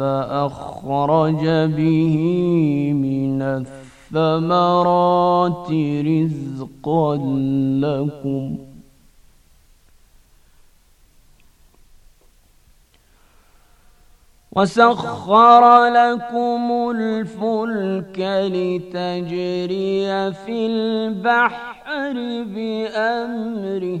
فأخرج به من الثمرات رزقا لكم وسخر لكم الفلك لتجري في البحر بأمره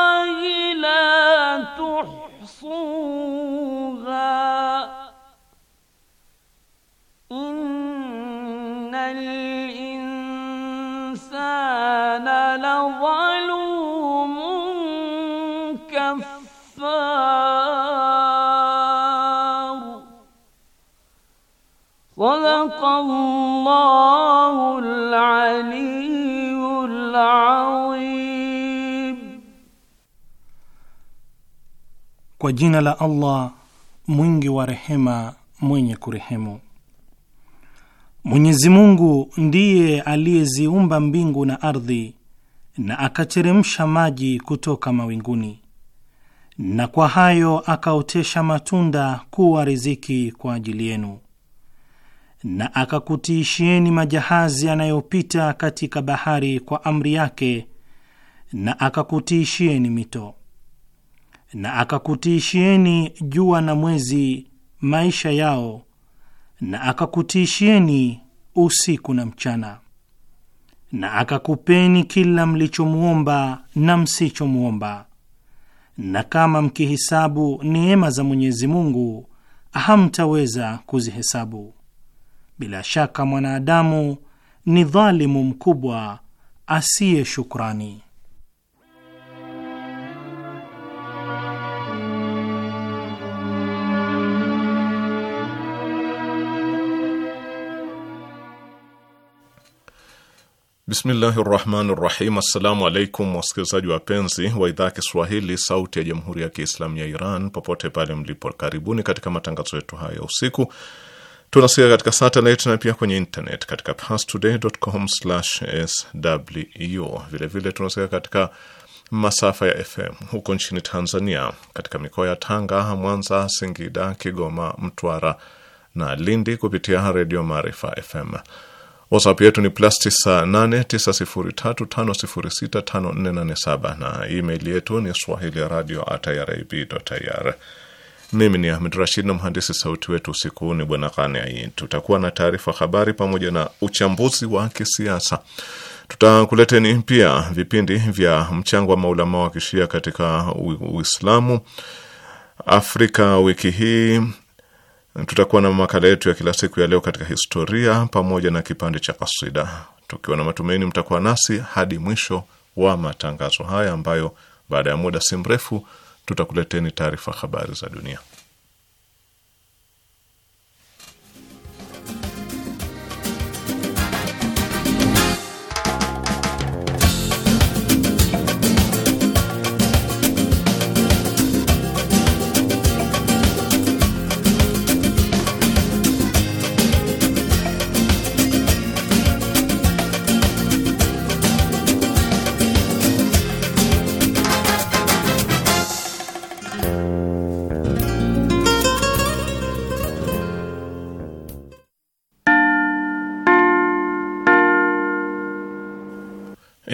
Kwa jina la Allah mwingi wa rehema mwenye kurehemu. Mwenyezi Mungu ndiye aliyeziumba mbingu na ardhi na akateremsha maji kutoka mawinguni na kwa hayo akaotesha matunda kuwa riziki kwa ajili yenu na akakutiishieni majahazi yanayopita katika bahari kwa amri yake, na akakutiishieni mito, na akakutiishieni jua na mwezi maisha yao, na akakutiishieni usiku na mchana, na akakupeni kila mlichomwomba na msichomwomba. Na kama mkihisabu neema za Mwenyezi Mungu hamtaweza kuzihesabu. Bila shaka mwanadamu ni dhalimu mkubwa asiye shukrani. Bismillahi rahmani rahim. Assalamu alaikum wasikilizaji wapenzi wa idhaa ya Kiswahili sauti ya jamhuri ya Kiislamu ya Iran popote pale mlipo, karibuni katika matangazo yetu haya ya usiku Tunasikia katika satelit na pia kwenye internet katika pastodaycom sw Vilevile tunasikia katika masafa ya FM huko nchini Tanzania, katika mikoa ya Tanga, Mwanza, Singida, Kigoma, Mtwara na Lindi kupitia Redio Maarifa FM. WhatsApp yetu ni plus 989035065487 na email yetu ni swahili radio at irib.ir. Mimi ni Ahmed Rashid na mhandisi sauti wetu usiku huu ni bwana Khanai. Tutakuwa na taarifa habari pamoja na uchambuzi wa kisiasa. Tutakuleteni pia vipindi vya mchango wa maulama wa kishia katika Uislamu Afrika wiki hii. Tutakuwa na makala yetu ya kila siku ya leo katika historia pamoja na kipande cha kasida, tukiwa na matumaini mtakuwa nasi hadi mwisho wa matangazo haya ambayo baada ya muda si mrefu tutakuleteni taarifa habari za dunia.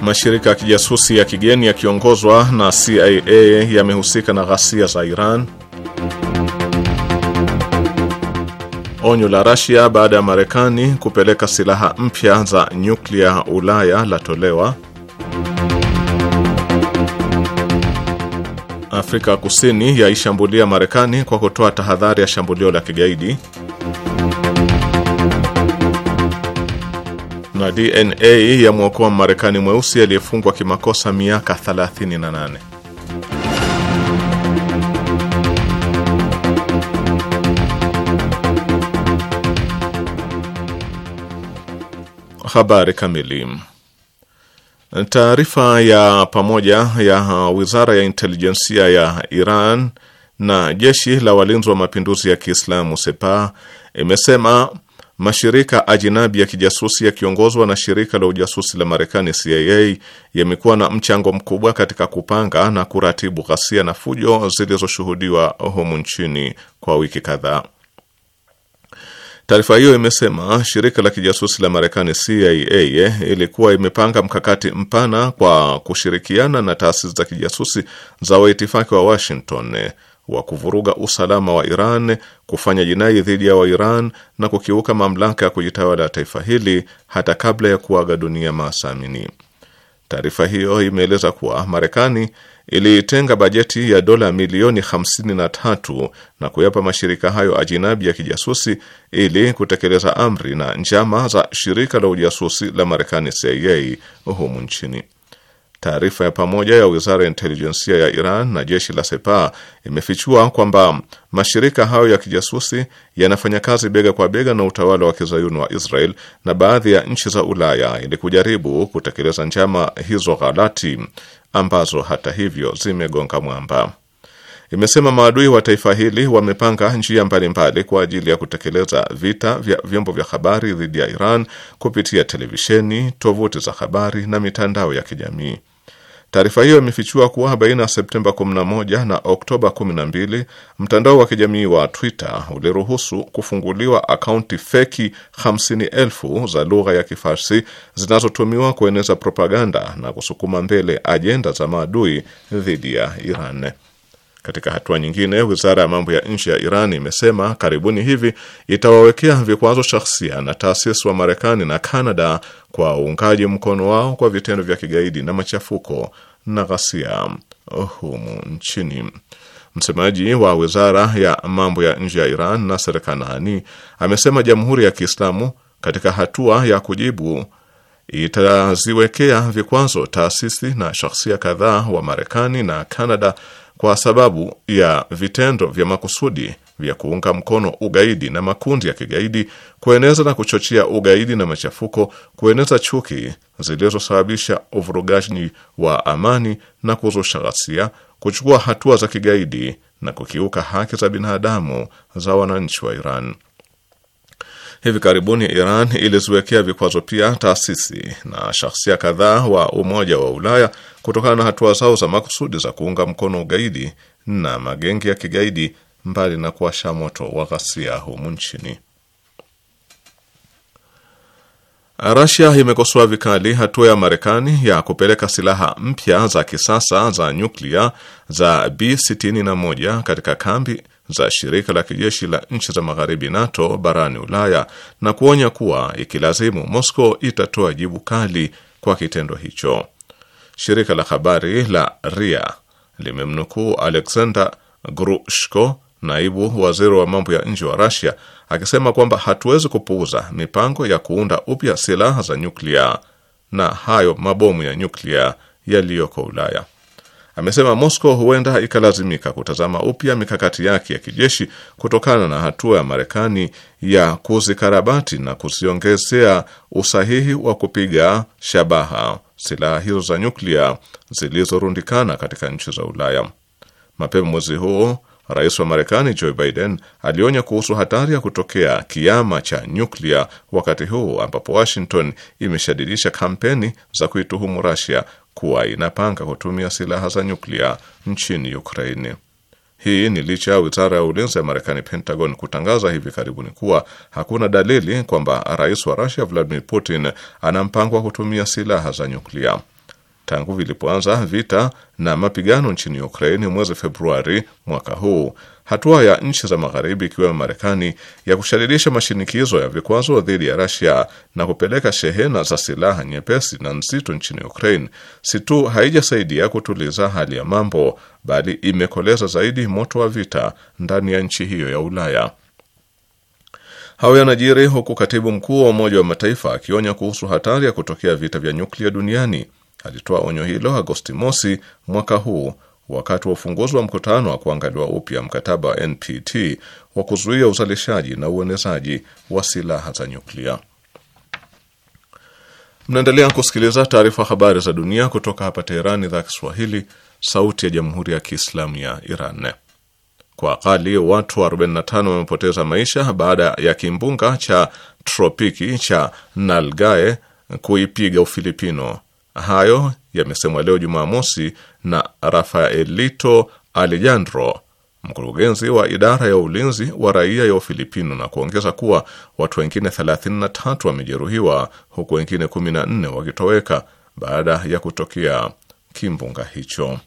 Mashirika ya kijasusi ya kigeni yakiongozwa na CIA yamehusika na ghasia za Iran. Onyo la Russia baada ya Marekani kupeleka silaha mpya za nyuklia Ulaya latolewa. Afrika Kusini yaishambulia Marekani kwa kutoa tahadhari ya shambulio la kigaidi. na DNA ya mwokoa Marekani mweusi aliyefungwa kimakosa miaka 38. Habari kamili. Taarifa ya pamoja ya Wizara ya Intelijensia ya Iran na Jeshi la Walinzi wa Mapinduzi ya Kiislamu Sepah imesema Mashirika ajinabi ya kijasusi yakiongozwa na shirika la ujasusi la Marekani CIA yamekuwa na mchango mkubwa katika kupanga na kuratibu ghasia na fujo zilizoshuhudiwa humu nchini kwa wiki kadhaa. Taarifa hiyo imesema shirika la kijasusi la Marekani CIA ilikuwa imepanga mkakati mpana kwa kushirikiana na taasisi za kijasusi za waitifaki wa Washington wa kuvuruga usalama wa Iran, kufanya jinai dhidi ya Wairan na kukiuka mamlaka ya kujitawala taifa hili hata kabla ya kuaga dunia Maasamini. Taarifa hiyo imeeleza kuwa Marekani iliitenga bajeti ya dola milioni 53 na kuyapa mashirika hayo ajinabi ya kijasusi ili kutekeleza amri na njama za shirika la ujasusi la Marekani CIA humu nchini. Taarifa ya pamoja ya wizara ya intelijensia ya Iran na jeshi la sepa imefichua kwamba mashirika hayo ya kijasusi yanafanya kazi bega kwa bega na utawala wa kizayuni wa Israel na baadhi ya nchi za Ulaya ili kujaribu kutekeleza njama hizo ghalati ambazo hata hivyo zimegonga mwamba. Imesema maadui wa taifa hili wamepanga njia mbalimbali kwa ajili ya kutekeleza vita vya vyombo vya habari dhidi ya Iran kupitia televisheni, tovuti za habari na mitandao ya kijamii. Taarifa hiyo imefichua kuwa baina ya Septemba 11 na Oktoba 12 mtandao wa kijamii wa Twitter uliruhusu kufunguliwa akaunti feki 50,000 za lugha ya Kifarsi zinazotumiwa kueneza propaganda na kusukuma mbele ajenda za maadui dhidi ya Iran. Katika hatua nyingine, wizara ya mambo ya nje ya Iran imesema karibuni hivi itawawekea vikwazo shahsia na taasisi wa Marekani na Kanada kwa uungaji mkono wao kwa vitendo vya kigaidi na machafuko na ghasia humu nchini. Msemaji wa wizara ya mambo ya nje ya Iran Naser Kanani amesema Jamhuri ya Kiislamu katika hatua ya kujibu itaziwekea vikwazo taasisi na shahsia kadhaa wa Marekani na Kanada kwa sababu ya vitendo vya makusudi vya kuunga mkono ugaidi na makundi ya kigaidi, kueneza na kuchochea ugaidi na machafuko, kueneza chuki zilizosababisha uvurugaji wa amani na kuzusha ghasia, kuchukua hatua za kigaidi na kukiuka haki za binadamu za wananchi wa Iran. Hivi karibuni Iran iliziwekea vikwazo pia taasisi na shahsia kadhaa wa Umoja wa Ulaya kutokana na hatua zao za makusudi za kuunga mkono ugaidi na magengi ya kigaidi, mbali na kuwasha moto wa ghasia humu nchini. Rasia imekosoa vikali hatua ya Marekani ya kupeleka silaha mpya za kisasa za nyuklia za B61 katika kambi za shirika la kijeshi la nchi za magharibi NATO barani Ulaya na kuonya kuwa ikilazimu, Moscow itatoa jibu kali kwa kitendo hicho. Shirika la habari la RIA limemnukuu Alexander Grushko, naibu waziri wa mambo ya nje wa Russia, akisema kwamba hatuwezi kupuuza mipango ya kuunda upya silaha za nyuklia na hayo mabomu ya nyuklia yaliyoko Ulaya. Amesema Moscow huenda ikalazimika kutazama upya mikakati yake ya kijeshi kutokana na hatua ya Marekani ya kuzikarabati na kuziongezea usahihi wa kupiga shabaha silaha hizo za nyuklia zilizorundikana katika nchi za Ulaya. Mapema mwezi huo Rais wa Marekani Joe Biden alionya kuhusu hatari ya kutokea kiama cha nyuklia, wakati huu ambapo Washington imeshadidisha kampeni za kuituhumu Russia kuwa inapanga kutumia silaha za nyuklia nchini Ukraini. Hii ni licha ya wizara ya ulinzi ya Marekani, Pentagon, kutangaza hivi karibuni kuwa hakuna dalili kwamba rais wa Rusia Vladimir Putin ana mpango wa kutumia silaha za nyuklia. Tangu vilipoanza vita na mapigano nchini Ukraini mwezi Februari mwaka huu, hatua ya nchi za Magharibi ikiwemo Marekani ya kushadidisha mashinikizo ya vikwazo dhidi ya Rasia na kupeleka shehena za silaha nyepesi na nzito nchini Ukraine si tu haijasaidia kutuliza hali ya mambo, bali imekoleza zaidi moto wa vita ndani ya nchi hiyo ya Ulaya. Hayo yanajiri huku katibu mkuu wa Umoja wa Mataifa akionya kuhusu hatari ya kutokea vita vya nyuklia duniani. Alitoa onyo hilo Agosti mosi mwaka huu wakati wa ufunguzi wa mkutano wa kuangaliwa upya mkataba wa NPT wa kuzuia uzalishaji na uenezaji wa silaha za nyuklia. Mnaendelea kusikiliza taarifa habari za dunia kutoka hapa Teherani, idhaa Kiswahili, sauti ya jamhuri ya kiislamu ya Iran. Kwa akali watu 45 wamepoteza maisha baada ya kimbunga cha tropiki cha Nalgae kuipiga Ufilipino. Hayo yamesemwa leo Jumamosi na Rafaelito Alejandro, mkurugenzi wa idara ya ulinzi wa raia ya Ufilipino, na kuongeza kuwa watu wengine 33 wamejeruhiwa huku wengine 14 wakitoweka baada ya kutokea kimbunga hicho.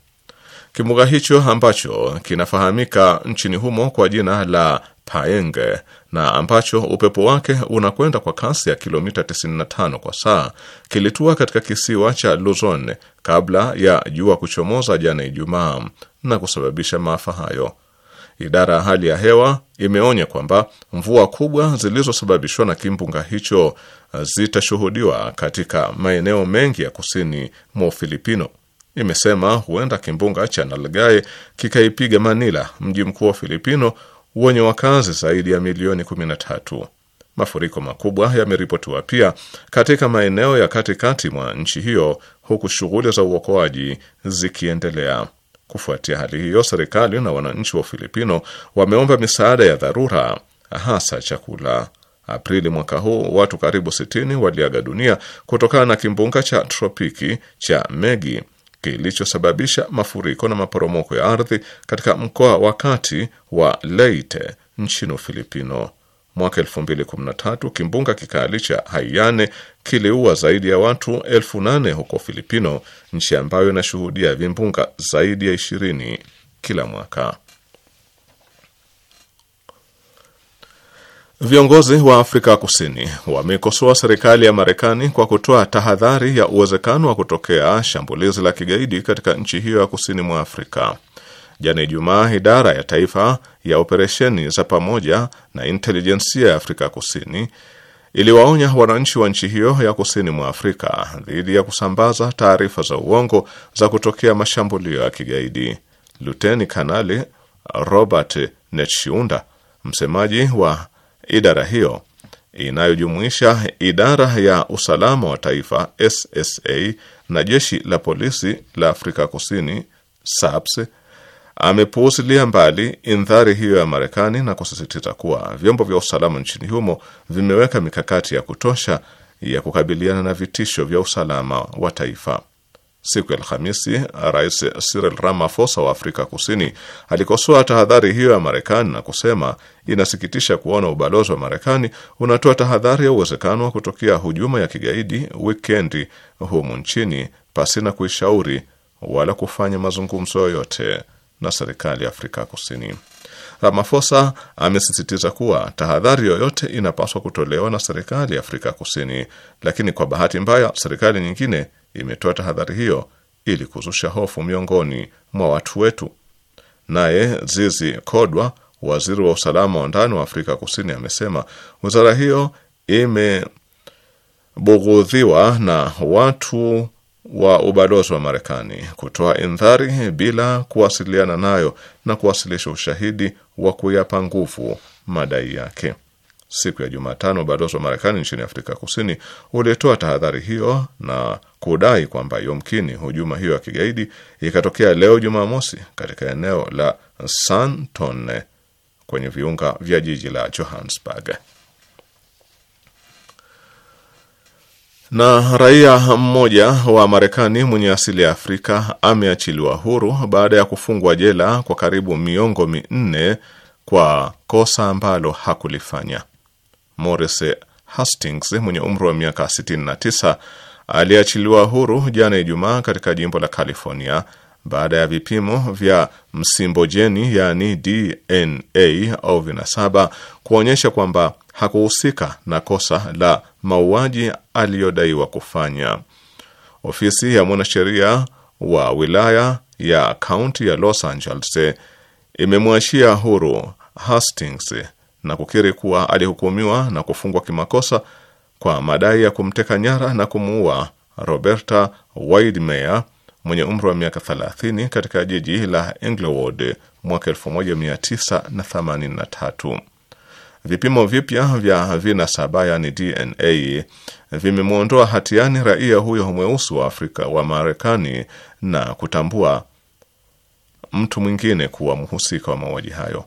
Kimbunga hicho ambacho kinafahamika nchini humo kwa jina la Paenge na ambacho upepo wake unakwenda kwa kasi ya kilomita 95 kwa saa kilitua katika kisiwa cha Luzon kabla ya jua kuchomoza jana Ijumaa na kusababisha maafa hayo. Idara ya hali ya hewa imeonya kwamba mvua kubwa zilizosababishwa na kimbunga hicho zitashuhudiwa katika maeneo mengi ya kusini mwa Ufilipino. Imesema huenda kimbunga cha Nalgae kikaipiga Manila, mji mkuu wa Filipino wenye wakazi zaidi ya milioni 13. Mafuriko makubwa yameripotiwa pia katika maeneo ya katikati mwa nchi hiyo huku shughuli za uokoaji zikiendelea. Kufuatia hali hiyo, serikali na wananchi wa Filipino wameomba misaada ya dharura, hasa chakula. Aprili mwaka huu watu karibu 60 waliaga dunia kutokana na kimbunga cha tropiki cha Megi kilichosababisha mafuriko na maporomoko ya ardhi katika mkoa wa kati wa Leyte nchini Ufilipino. Mwaka tatu kimbunga kikali cha Haiane kiliua zaidi ya watu elfu nane huko Filipino, nchi ambayo inashuhudia vimbunga zaidi ya ishirini kila mwaka. Viongozi wa Afrika Kusini wamekosoa serikali ya Marekani kwa kutoa tahadhari ya uwezekano wa kutokea shambulizi la kigaidi katika nchi hiyo ya kusini mwa Afrika. Jana Ijumaa, idara ya taifa ya operesheni za pamoja na intelijensia ya Afrika Kusini iliwaonya wananchi wa nchi hiyo ya kusini mwa Afrika dhidi ya kusambaza taarifa za uongo za kutokea mashambulio ya kigaidi. Luteni Kanali Robert Netshiunda, msemaji wa Idara hiyo inayojumuisha idara ya usalama wa taifa SSA na jeshi la polisi la Afrika Kusini SAPS amepuuzilia mbali indhari hiyo ya Marekani na kusisitiza kuwa vyombo vya usalama nchini humo vimeweka mikakati ya kutosha ya kukabiliana na vitisho vya usalama wa taifa. Siku ya Alhamisi, Rais Cyril Ramaphosa wa Afrika Kusini alikosoa tahadhari hiyo ya Marekani na kusema inasikitisha kuona ubalozi wa Marekani unatoa tahadhari ya uwezekano wa kutokea hujuma ya kigaidi wikendi humu nchini pasina kuishauri wala kufanya mazungumzo yoyote na serikali ya Afrika Kusini. Ramaphosa amesisitiza kuwa tahadhari yoyote inapaswa kutolewa na serikali ya Afrika Kusini, lakini kwa bahati mbaya serikali nyingine imetoa tahadhari hiyo ili kuzusha hofu miongoni mwa watu wetu. Naye Zizi Kodwa, waziri wa usalama wa ndani wa Afrika Kusini, amesema wizara hiyo imebughudhiwa na watu wa ubalozi wa Marekani kutoa indhari bila kuwasiliana nayo na kuwasilisha ushahidi wa kuyapa nguvu madai yake. Siku ya Jumatano, ubalozi wa Marekani nchini Afrika Kusini ulitoa tahadhari hiyo na kudai kwamba yomkini hujuma hiyo ya kigaidi ikatokea leo Jumamosi katika eneo la Sandton kwenye viunga vya jiji la Johannesburg. Na raia mmoja wa Marekani mwenye asili ya Afrika ameachiliwa huru baada ya kufungwa jela kwa karibu miongo minne kwa kosa ambalo hakulifanya. Morris Hastings mwenye umri wa miaka 69 aliachiliwa huru jana Ijumaa katika jimbo la California baada ya vipimo vya msimbojeni yani DNA au vinasaba kuonyesha kwamba hakuhusika na kosa la mauaji aliyodaiwa kufanya. Ofisi ya mwanasheria wa wilaya ya kaunti ya Los Angeles imemwachia huru Hastings na kukiri kuwa alihukumiwa na kufungwa kimakosa kwa madai ya kumteka nyara na kumuua Roberta Widmeyer mwenye umri wa miaka 30 katika jiji la Inglewood mwaka 1983. Vipimo vipya vya vinasaba yani DNA vimemwondoa hatiani raia huyo mweusi wa Afrika wa Marekani na kutambua mtu mwingine kuwa mhusika wa mauaji hayo.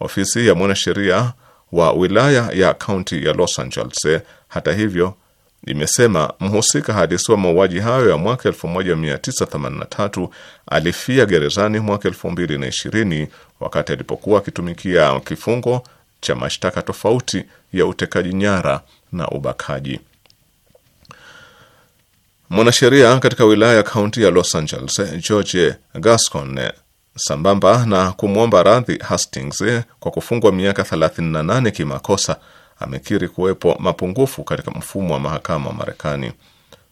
Ofisi ya mwanasheria wa wilaya ya kaunti ya Los Angeles, hata hivyo, imesema mhusika hadisi wa mauaji hayo ya mwaka 1983 alifia gerezani mwaka 2020 wakati alipokuwa akitumikia kifungo cha mashtaka tofauti ya utekaji nyara na ubakaji. Mwanasheria katika wilaya ya kaunti ya Los Angeles George Gascon, sambamba na kumwomba radhi Hastings kwa kufungwa miaka 38 kimakosa amekiri kuwepo mapungufu katika mfumo wa mahakama wa Marekani.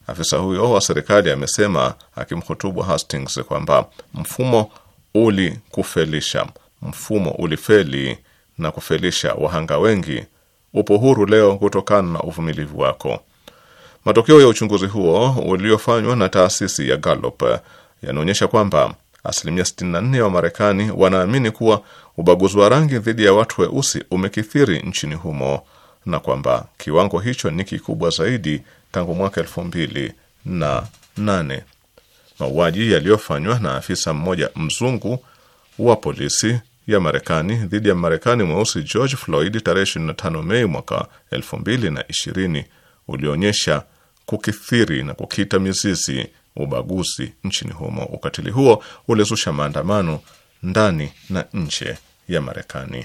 Afisa huyo wa serikali amesema akimhutubu Hastings kwamba mfumo ulikufelisha, mfumo ulifeli na kufelisha wahanga wengi. Upo huru leo kutokana na uvumilivu wako. Matokeo ya uchunguzi huo uliofanywa na taasisi ya Gallup yanaonyesha kwamba asilimia 64 ya Wamarekani wanaamini kuwa ubaguzi wa rangi dhidi ya watu weusi umekithiri nchini humo na kwamba kiwango hicho ni kikubwa zaidi tangu mwaka elfu mbili na nane. Mauaji yaliyofanywa na afisa mmoja mzungu wa polisi ya Marekani dhidi ya Marekani mweusi George Floyd tarehe 25 Mei mwaka ishirini ulionyesha kukithiri na kukita mizizi ubaguzi nchini humo. Ukatili huo ulizusha maandamano ndani na nje ya Marekani.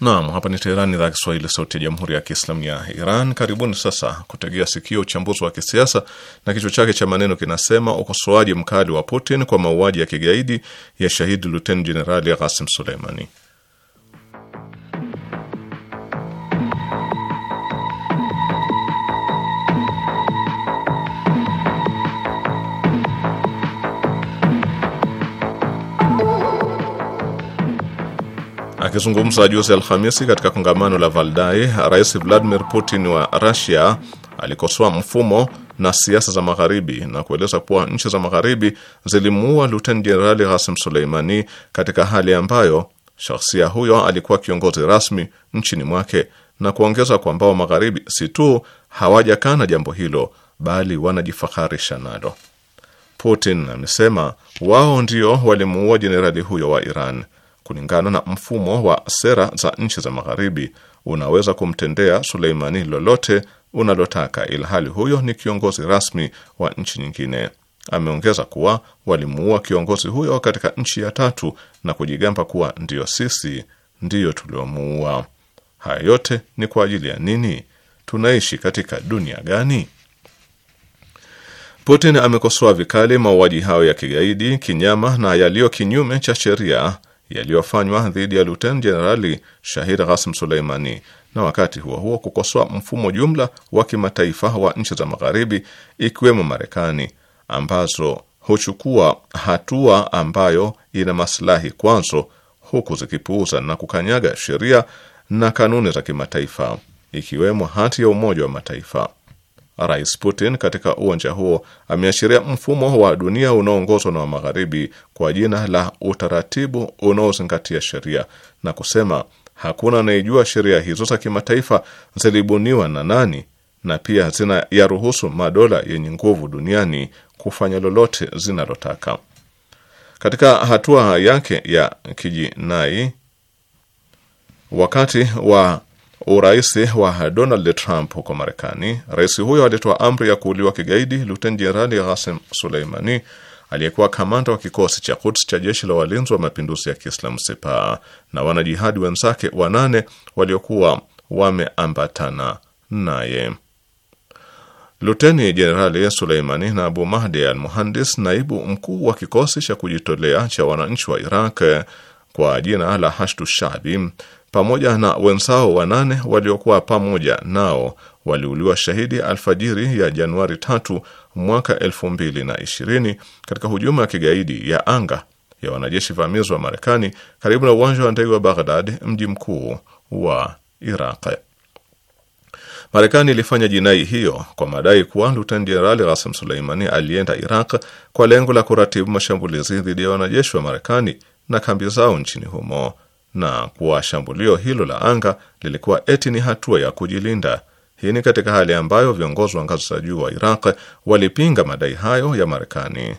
Naam, hapa ni Teherani, idhaa ya Kiswahili, sauti ya jamhuri ya kiislamu ya Iran. Karibuni sasa kutegea sikio uchambuzi wa kisiasa na kichwa chake cha maneno kinasema: ukosoaji mkali wa Putin kwa mauaji ya kigaidi ya shahidi luteni jenerali Ghasim Suleimani. Akizungumza juzi Alhamisi katika kongamano la Valdai, Rais Vladimir Putin wa Russia alikosoa mfumo na siasa za magharibi na kueleza kuwa nchi za magharibi zilimuua Luteni Jenerali ghasim Soleimani katika hali ambayo shahsia huyo alikuwa kiongozi rasmi nchini mwake na kuongeza kwamba wa magharibi si tu hawajakana jambo hilo bali wanajifaharisha nalo. Putin amesema wao ndio walimuua jenerali huyo wa Iran kulingana na mfumo wa sera za nchi za Magharibi, unaweza kumtendea Suleimani lolote unalotaka, ilhali huyo ni kiongozi rasmi wa nchi nyingine. Ameongeza kuwa walimuua kiongozi huyo katika nchi ya tatu na kujigamba kuwa ndiyo sisi ndiyo tuliomuua. Haya yote ni kwa ajili ya nini? Tunaishi katika dunia gani? Putin amekosoa vikali mauaji hayo ya kigaidi, kinyama na yaliyo kinyume cha sheria yaliyofanywa dhidi ya Luten Jenerali Shahid Ghasim Suleimani na wakati huo huo kukosoa mfumo jumla wa kimataifa wa nchi za Magharibi ikiwemo Marekani ambazo huchukua hatua ambayo ina maslahi kwazo huku zikipuuza na kukanyaga sheria na kanuni za kimataifa ikiwemo hati ya Umoja wa Mataifa. Rais Putin katika uwanja huo ameashiria mfumo wa dunia unaoongozwa na Magharibi kwa jina la utaratibu unaozingatia sheria na kusema hakuna anayejua sheria hizo za kimataifa zilibuniwa na nani, na pia zina madola yenye nguvu duniani kufanya lolote zinalotaka. Katika hatua yake ya kijinai wakati wa urais wa Donald Trump huko Marekani, rais huyo alitoa amri ya kuuliwa kigaidi Luten Jenerali Ghasim Suleimani aliyekuwa kamanda wa kikosi cha Quds cha jeshi la walinzi wa mapinduzi ya Kiislamu Sepah na wanajihadi wenzake wanane waliokuwa wameambatana naye. Luteni Jenerali Suleimani na Abu Mahdi al Muhandis, naibu mkuu wa kikosi cha kujitolea cha wananchi wa Iraq kwa jina la Hashdu Shabi, pamoja na wenzao wanane waliokuwa pamoja nao waliuliwa shahidi alfajiri ya Januari tatu mwaka elfu mbili na ishirini katika hujuma ya kigaidi ya anga ya wanajeshi vamizi wa Marekani karibu na uwanja wa ndege wa Baghdad, mji mkuu wa Iraq. Marekani ilifanya jinai hiyo kwa madai kuwa Luteni Jenerali ghasim Suleimani alienda Iraq kwa lengo la kuratibu mashambulizi dhidi ya wanajeshi wa Marekani na kambi zao nchini humo na kuwa shambulio hilo la anga lilikuwa eti ni hatua ya kujilinda. Hii ni katika hali ambayo viongozi wa ngazi za juu wa Iraq walipinga madai hayo ya Marekani.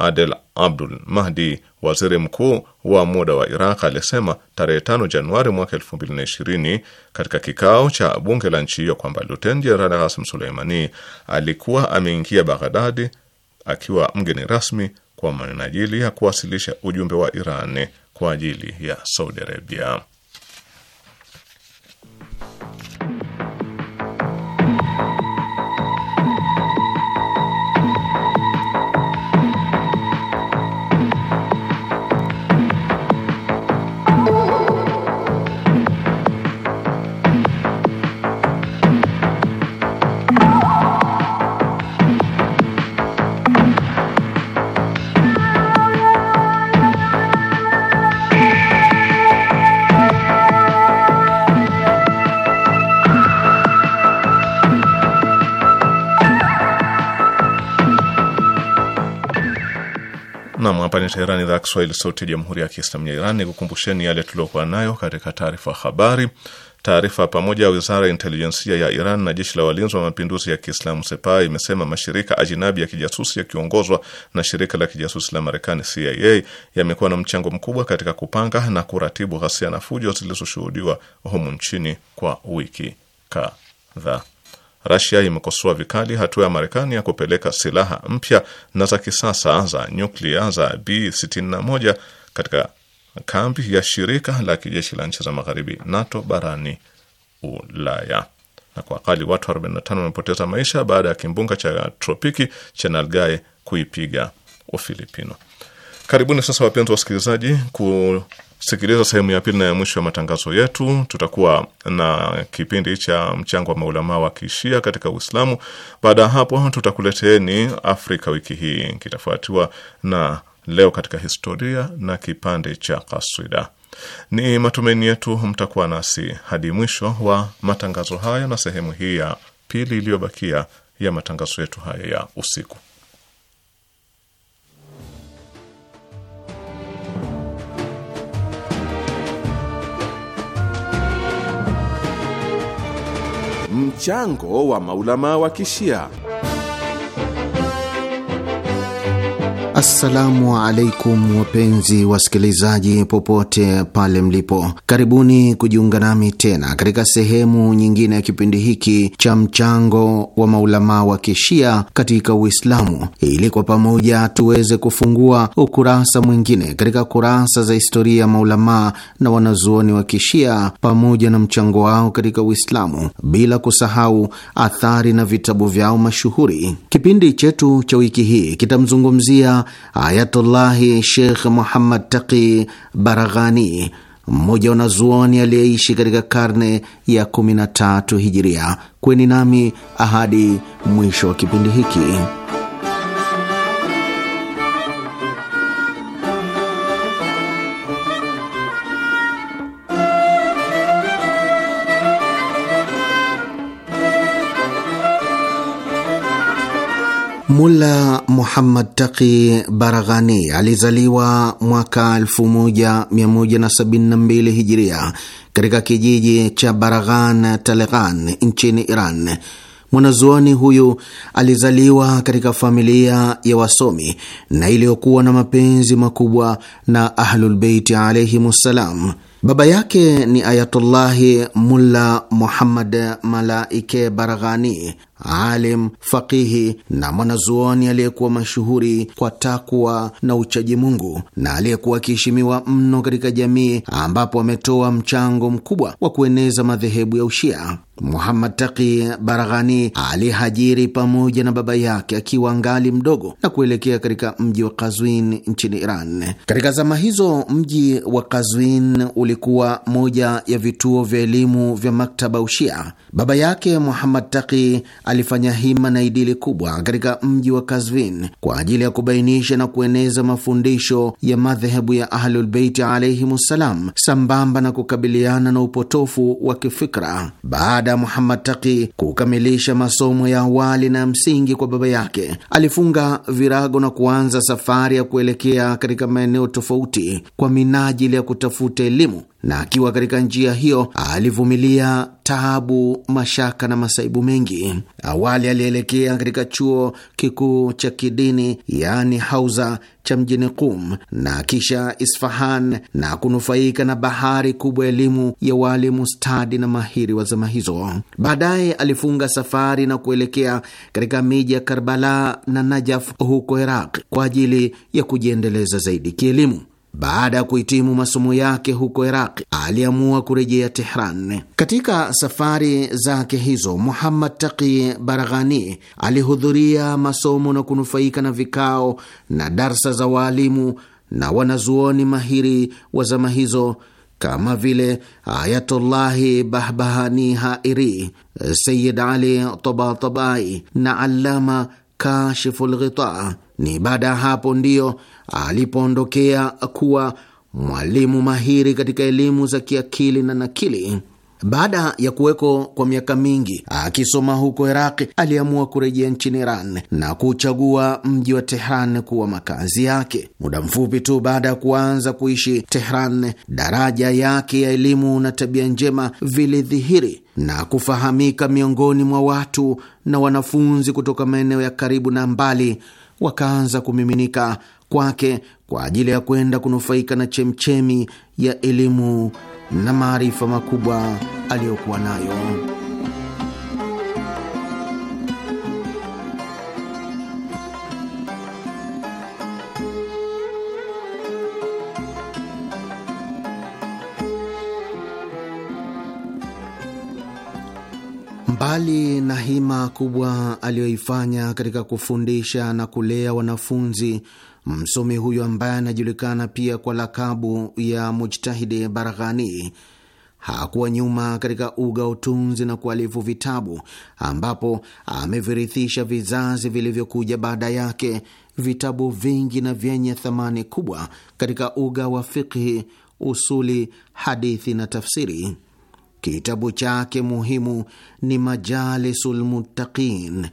Adel Abdul Mahdi, waziri mkuu wa muda wa Iraq, alisema tarehe 5 Januari mwaka 2020 katika kikao cha bunge la nchi hiyo kwamba Luten Jenerali Qasim Suleimani alikuwa ameingia Baghdadi akiwa mgeni rasmi kwa manajili ya kuwasilisha ujumbe wa Iran kwa ajili ya Saudi Arabia. Hapa ni Teherani, idhaa ya Kiswahili, sauti ya jamhuri ya kiislamu ya Iran. Ni kukumbusheni yale tuliokuwa nayo katika taarifa habari. Taarifa pamoja wizara ya intelijensia ya Iran na jeshi la walinzi wa mapinduzi ya Kiislamu Sepa imesema mashirika ajinabi ya kijasusi yakiongozwa na shirika la kijasusi la Marekani CIA yamekuwa na mchango mkubwa katika kupanga na kuratibu ghasia na fujo zilizoshuhudiwa humu nchini kwa wiki kadhaa. Rasia imekosoa vikali hatua ya Marekani ya kupeleka silaha mpya na za kisasa za nyuklia za B61 katika kambi ya shirika la kijeshi la nchi za magharibi NATO barani Ulaya. Na kwa akali watu 45 wamepoteza maisha baada ya kimbunga cha tropiki cha Nalgae kuipiga Ufilipino. Karibuni sasa, wapenzi wasikilizaji, ku sikiliza sehemu ya pili na ya mwisho ya matangazo yetu. Tutakuwa na kipindi cha mchango wa maulamaa wa kishia katika Uislamu. Baada ya hapo, tutakuleteeni Afrika wiki hii, kitafuatiwa na leo katika historia na kipande cha kaswida. Ni matumaini yetu mtakuwa nasi hadi mwisho wa matangazo haya na sehemu hii ya pili iliyobakia ya matangazo yetu haya ya usiku. mchango wa maulama wa Kishia. Assalamu alaikum wapenzi wasikilizaji, popote pale mlipo, karibuni kujiunga nami tena katika sehemu nyingine ya kipindi hiki cha mchango wa maulamaa wa kishia katika Uislamu, ili kwa pamoja tuweze kufungua ukurasa mwingine katika kurasa za historia ya maulamaa na wanazuoni wa kishia pamoja na mchango wao katika Uislamu, bila kusahau athari na vitabu vyao mashuhuri. Kipindi chetu cha wiki hii kitamzungumzia Ayatullahi Sheikh Muhammad Taqi Baraghani, mmoja wanazuoni aliyeishi katika karne ya 13 Hijiria. Kweni nami ahadi mwisho wa kipindi hiki. Mulla Muhammad Taki Baraghani alizaliwa mwaka 1172 Hijiria katika kijiji cha Baraghan, Taleghan nchini Iran. Mwanazuoni huyu alizaliwa katika familia ya wasomi na iliyokuwa na mapenzi makubwa na Ahlulbeiti ssalam. Baba yake ni Ayatullahi Mulla Muhammad Malaike Baraghani alim, faqihi na mwanazuoni aliyekuwa mashuhuri kwa takwa na uchaji Mungu na aliyekuwa akiheshimiwa mno katika jamii, ambapo ametoa mchango mkubwa wa kueneza madhehebu ya Ushia. Muhammad Taqi Baraghani alihajiri pamoja na baba yake akiwa ngali mdogo na kuelekea katika mji wa Kazwin nchini Iran. Katika zama hizo, mji wa Kazwin ulikuwa moja ya vituo vya elimu vya maktaba Ushia. Baba yake Muhammad Taqi alifanya hima na idili kubwa katika mji wa Kazvin kwa ajili ya kubainisha na kueneza mafundisho ya madhehebu ya Ahlulbeiti alaihimussalam, sambamba na kukabiliana na upotofu wa kifikra. Baada ya Muhammad Taqi kukamilisha masomo ya awali na msingi kwa baba yake, alifunga virago na kuanza safari ya kuelekea katika maeneo tofauti kwa minajili ya kutafuta elimu na akiwa katika njia hiyo alivumilia taabu, mashaka na masaibu mengi. Awali alielekea katika chuo kikuu cha kidini yaani hauza cha mjini Qum na kisha Isfahan na kunufaika na bahari kubwa elimu ya waalimu stadi na mahiri wa zama hizo. Baadaye alifunga safari na kuelekea katika miji ya Karbala na Najaf huko Iraq kwa ajili ya kujiendeleza zaidi kielimu. Baada ya kuhitimu masomo yake huko iraq aliamua kurejea Tehran. Katika safari zake hizo, Muhammad Taqi Baraghani alihudhuria masomo na kunufaika na vikao na darsa za waalimu na wanazuoni mahiri wa zama hizo kama vile Ayatullahi Bahbahani Hairi, Sayid Ali Tabatabai na Allama kashifulghita Ni baada ya hapo ndiyo alipoondokea kuwa mwalimu mahiri katika elimu za kiakili na nakili. Baada ya kuweko kwa miaka mingi akisoma huko Iraqi, aliamua kurejea nchini Iran na kuchagua mji wa Tehran kuwa makazi yake. Muda mfupi tu baada ya kuanza kuishi Tehran, daraja yake ya elimu na tabia njema vilidhihiri na kufahamika miongoni mwa watu na wanafunzi kutoka maeneo ya karibu na mbali, wakaanza kumiminika kwake kwa ajili ya kwenda kunufaika na chemchemi ya elimu na maarifa makubwa aliyokuwa nayo. Mbali na hima kubwa aliyoifanya katika kufundisha na kulea wanafunzi Msomi huyo ambaye anajulikana pia kwa lakabu ya Mujtahidi Barghani hakuwa nyuma katika uga utunzi na kualifu vitabu ambapo amevirithisha vizazi vilivyokuja baada yake vitabu vingi na vyenye thamani kubwa katika uga wa fikhi, usuli, hadithi na tafsiri. Kitabu chake muhimu ni Majalisul Muttaqin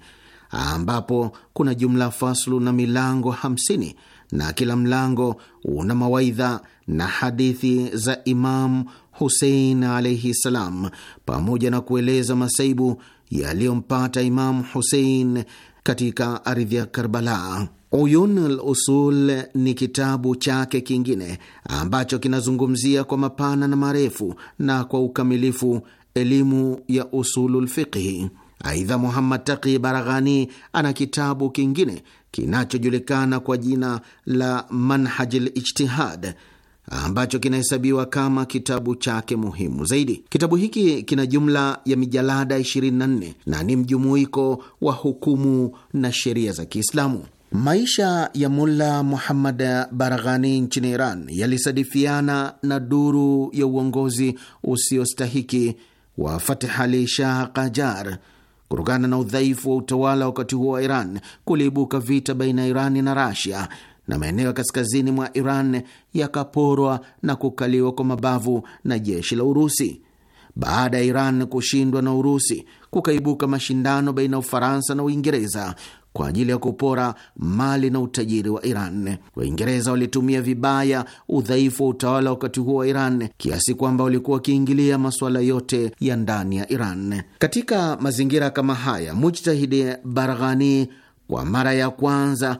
ambapo kuna jumla faslu na milango hamsini na kila mlango una mawaidha na hadithi za Imamu Husein alaihi ssalam, pamoja na kueleza masaibu yaliyompata Imamu Husein katika ardhi ya Karbala. Uyun al-Usul ni kitabu chake kingine ambacho kinazungumzia kwa mapana na marefu na kwa ukamilifu elimu ya usulul fiqhi. Aidha, Muhammad Taqi Baraghani ana kitabu kingine kinachojulikana kwa jina la Manhaj Lijtihad ambacho kinahesabiwa kama kitabu chake muhimu zaidi. Kitabu hiki kina jumla ya mijalada 24 na ni mjumuiko wa hukumu na sheria za Kiislamu. Maisha ya Mulla Muhammad Baraghani nchini Iran yalisadifiana na duru ya uongozi usiostahiki wa Fatih Ali Shah Kajar. Kutokana na udhaifu wa utawala wakati huo wa Iran, kuliibuka vita baina ya Irani na Rasia na maeneo ya kaskazini mwa Iran yakaporwa na kukaliwa kwa mabavu na jeshi la Urusi. Baada ya Iran kushindwa na Urusi, kukaibuka mashindano baina ya Ufaransa na Uingereza kwa ajili ya kupora mali na utajiri wa Iran. Waingereza walitumia vibaya udhaifu wa utawala wakati huo wa Iran kiasi kwamba walikuwa wakiingilia masuala yote ya ndani ya Iran. Katika mazingira kama haya, mujtahidi Barghani kwa mara ya kwanza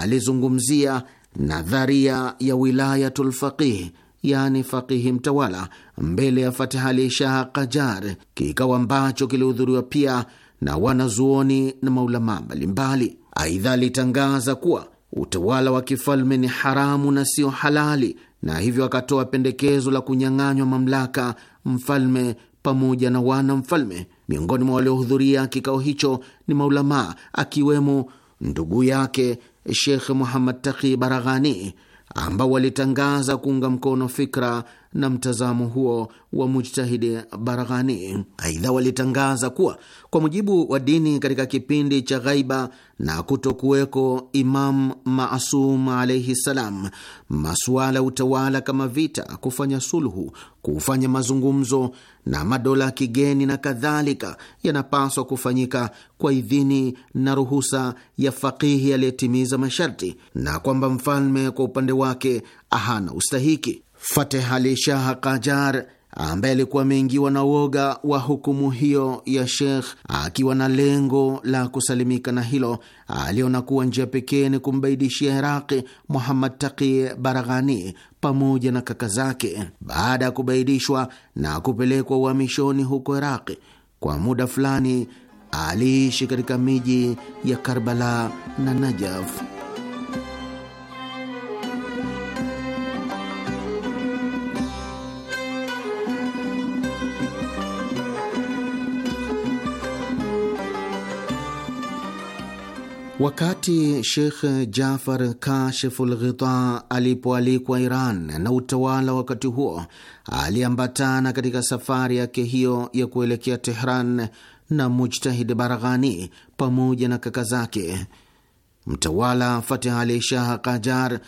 alizungumzia nadharia ya wilayatul faqih yaani faqihi mtawala mbele ya Fatihali Shah Kajar, kikao ambacho kilihudhuriwa pia na wanazuoni na maulamaa mbalimbali. Aidha, alitangaza kuwa utawala wa kifalme ni haramu na sio halali, na hivyo akatoa pendekezo la kunyang'anywa mamlaka mfalme pamoja na wana mfalme. Miongoni mwa waliohudhuria kikao hicho ni maulamaa akiwemo ndugu yake Shekh Muhammad Taki Baraghani ambao walitangaza kuunga mkono fikra na mtazamo huo wa mujtahidi Baraghani. Aidha, walitangaza kuwa kwa mujibu wa dini, katika kipindi cha ghaiba na kutokuweko Imam masum alaihi salam, masuala ya utawala kama vita, kufanya sulhu, kufanya mazungumzo na madola ya kigeni na kadhalika, yanapaswa kufanyika kwa idhini na ruhusa ya fakihi aliyetimiza masharti, na kwamba mfalme kwa upande wake hana ustahiki Fateh Ali Shah Kajar ambaye alikuwa ameingiwa na uoga wa hukumu hiyo ya Sheikh akiwa na lengo la kusalimika na hilo, aliona kuwa njia pekee ni kumbaidishia Iraqi Muhammad Taqi Baraghani pamoja na kaka zake. Baada ya kubaidishwa na kupelekwa uhamishoni huko Iraqi, kwa muda fulani aliishi katika miji ya Karbala na Najaf. Wakati sheikh Jafar Kashiful Ghita alipoalikwa Iran na utawala wakati huo, aliambatana katika safari yake hiyo ya kuelekea Tehran na Mujtahid Baraghani pamoja na kaka zake. Mtawala Fatih Ali Shah Kajar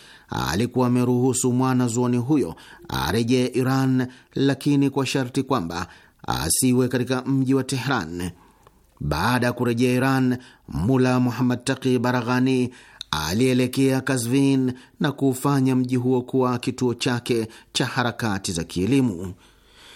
alikuwa ameruhusu mwana zuoni huyo arejee Iran, lakini kwa sharti kwamba asiwe katika mji wa Tehran. Baada ya kurejea Iran, Mula Muhammad Taqi Baraghani alielekea Kazvin na kuufanya mji huo kuwa kituo chake cha harakati za kielimu.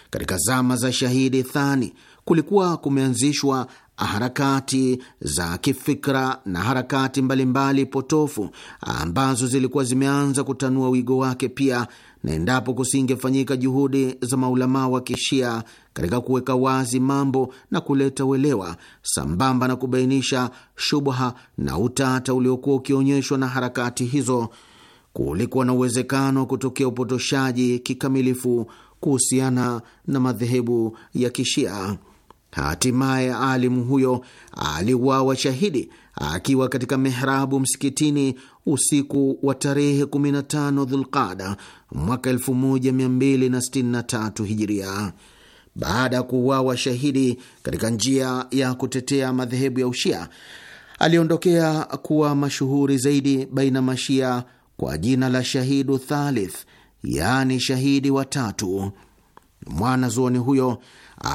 Katika zama za Shahidi Thani kulikuwa kumeanzishwa harakati za kifikra na harakati mbalimbali mbali potofu ambazo zilikuwa zimeanza kutanua wigo wake pia na endapo kusingefanyika juhudi za maulamaa wa kishia katika kuweka wazi mambo na kuleta uelewa sambamba na kubainisha shubha na utata uliokuwa ukionyeshwa na harakati hizo, kulikuwa na uwezekano wa kutokea upotoshaji kikamilifu kuhusiana na madhehebu ya kishia. Hatimaye alimu huyo aliuawa shahidi akiwa katika mihrabu msikitini usiku wa tarehe 15 Dhulqada mwaka 1263 Hijiria, baada ya kuuawa shahidi katika njia ya kutetea madhehebu ya Ushia. Aliondokea kuwa mashuhuri zaidi baina mashia kwa jina la Shahidu Thalith, yaani shahidi watatu. Mwana zuoni huyo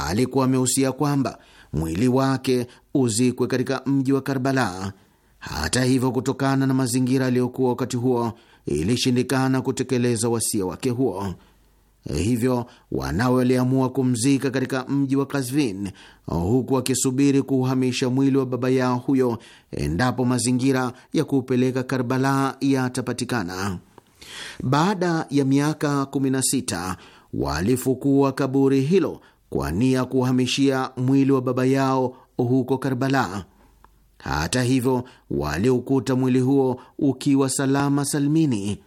alikuwa amehusia kwamba mwili wake uzikwe katika mji wa Karbala. Hata hivyo, kutokana na mazingira aliyokuwa wakati huo, ilishindikana kutekeleza wasia wake huo. Hivyo wanawe waliamua kumzika katika mji wa Kasvin, huku wakisubiri kuuhamisha mwili wa baba yao huyo endapo mazingira ya kuupeleka Karbala yatapatikana. Baada ya miaka 16 walifukua kaburi hilo kwa nia ya kuuhamishia mwili wa baba yao huko Karbala. Hata hivyo, waliukuta mwili huo ukiwa salama salmini.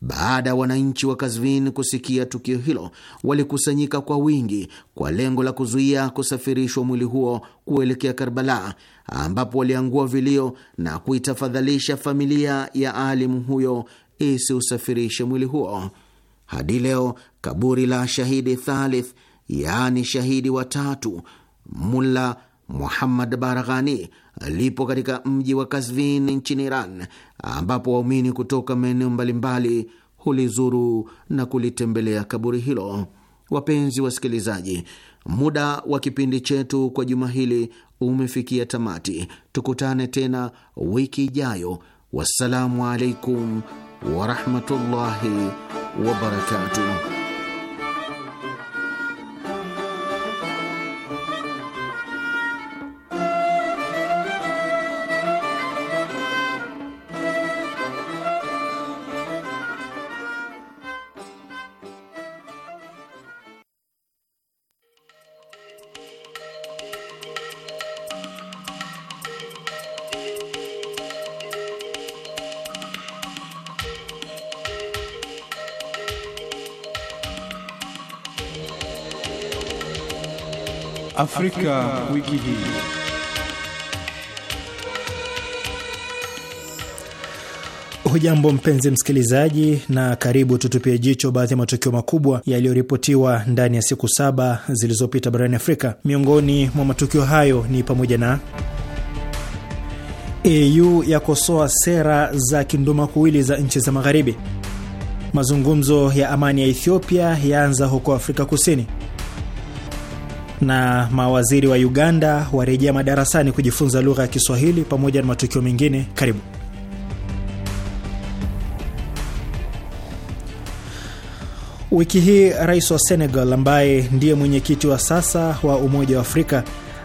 Baada ya wananchi wa Kazvin kusikia tukio hilo, walikusanyika kwa wingi kwa lengo la kuzuia kusafirishwa mwili huo kuelekea Karbala, ambapo waliangua vilio na kuitafadhalisha familia ya alimu huyo isiusafirishe mwili huo. Hadi leo kaburi la shahidi thalith, yaani shahidi watatu, Mulla Muhammad Baraghani lipo katika mji wa Kazvin nchini Iran, ambapo waumini kutoka maeneo mbalimbali hulizuru na kulitembelea kaburi hilo. Wapenzi wasikilizaji, muda wa kipindi chetu kwa juma hili umefikia tamati. Tukutane tena wiki ijayo. Wassalamu alaikum warahmatullahi wabarakatuh. Afrika, wiki hii. Hujambo mpenzi msikilizaji, na karibu tutupie jicho baadhi ya matukio makubwa yaliyoripotiwa ndani ya siku saba zilizopita barani Afrika. Miongoni mwa matukio hayo ni pamoja na AU yakosoa sera za kindumakuwili za nchi za Magharibi, mazungumzo ya amani ya Ethiopia yaanza huko Afrika Kusini, na mawaziri wa Uganda warejea madarasani kujifunza lugha ya Kiswahili pamoja na matukio mengine. Karibu. Wiki hii rais wa Senegal ambaye ndiye mwenyekiti wa sasa wa Umoja wa Afrika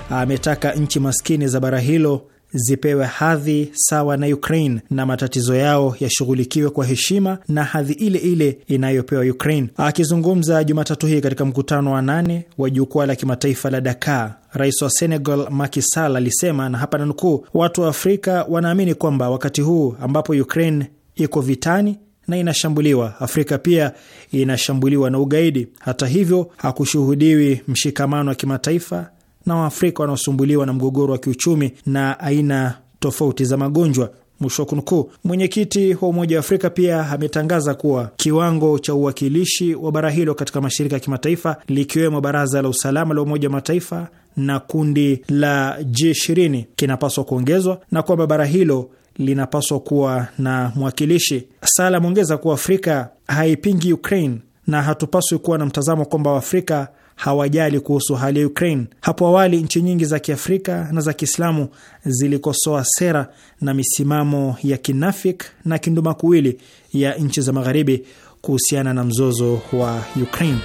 ametaka nchi maskini za bara hilo zipewe hadhi sawa na Ukraine na matatizo yao yashughulikiwe kwa heshima na hadhi ile ile inayopewa Ukraine. Akizungumza Jumatatu hii katika mkutano wa nane wa jukwaa la kimataifa la Dakar, Rais wa Senegal Macky Sall alisema, na hapa nanukuu, watu wa Afrika wanaamini kwamba wakati huu ambapo Ukraine iko vitani na inashambuliwa, Afrika pia inashambuliwa na ugaidi. Hata hivyo, hakushuhudiwi mshikamano wa kimataifa na Waafrika wanaosumbuliwa na mgogoro wa kiuchumi na aina tofauti za magonjwa. Mwisho wa kunukuu. Mwenyekiti wa Umoja wa Afrika pia ametangaza kuwa kiwango cha uwakilishi wa bara hilo katika mashirika ya kimataifa likiwemo Baraza la Usalama la Umoja wa Mataifa na kundi la G20 kinapaswa kuongezwa na kwamba bara hilo linapaswa kuwa na mwakilishi. Sala ameongeza kuwa Afrika haipingi Ukraine na hatupaswi kuwa na mtazamo kwamba Waafrika hawajali kuhusu hali ya Ukraine. Hapo awali nchi nyingi za Kiafrika na za Kiislamu zilikosoa sera na misimamo ya kinafik na kindumakuwili ya nchi za Magharibi kuhusiana na mzozo wa Ukraine.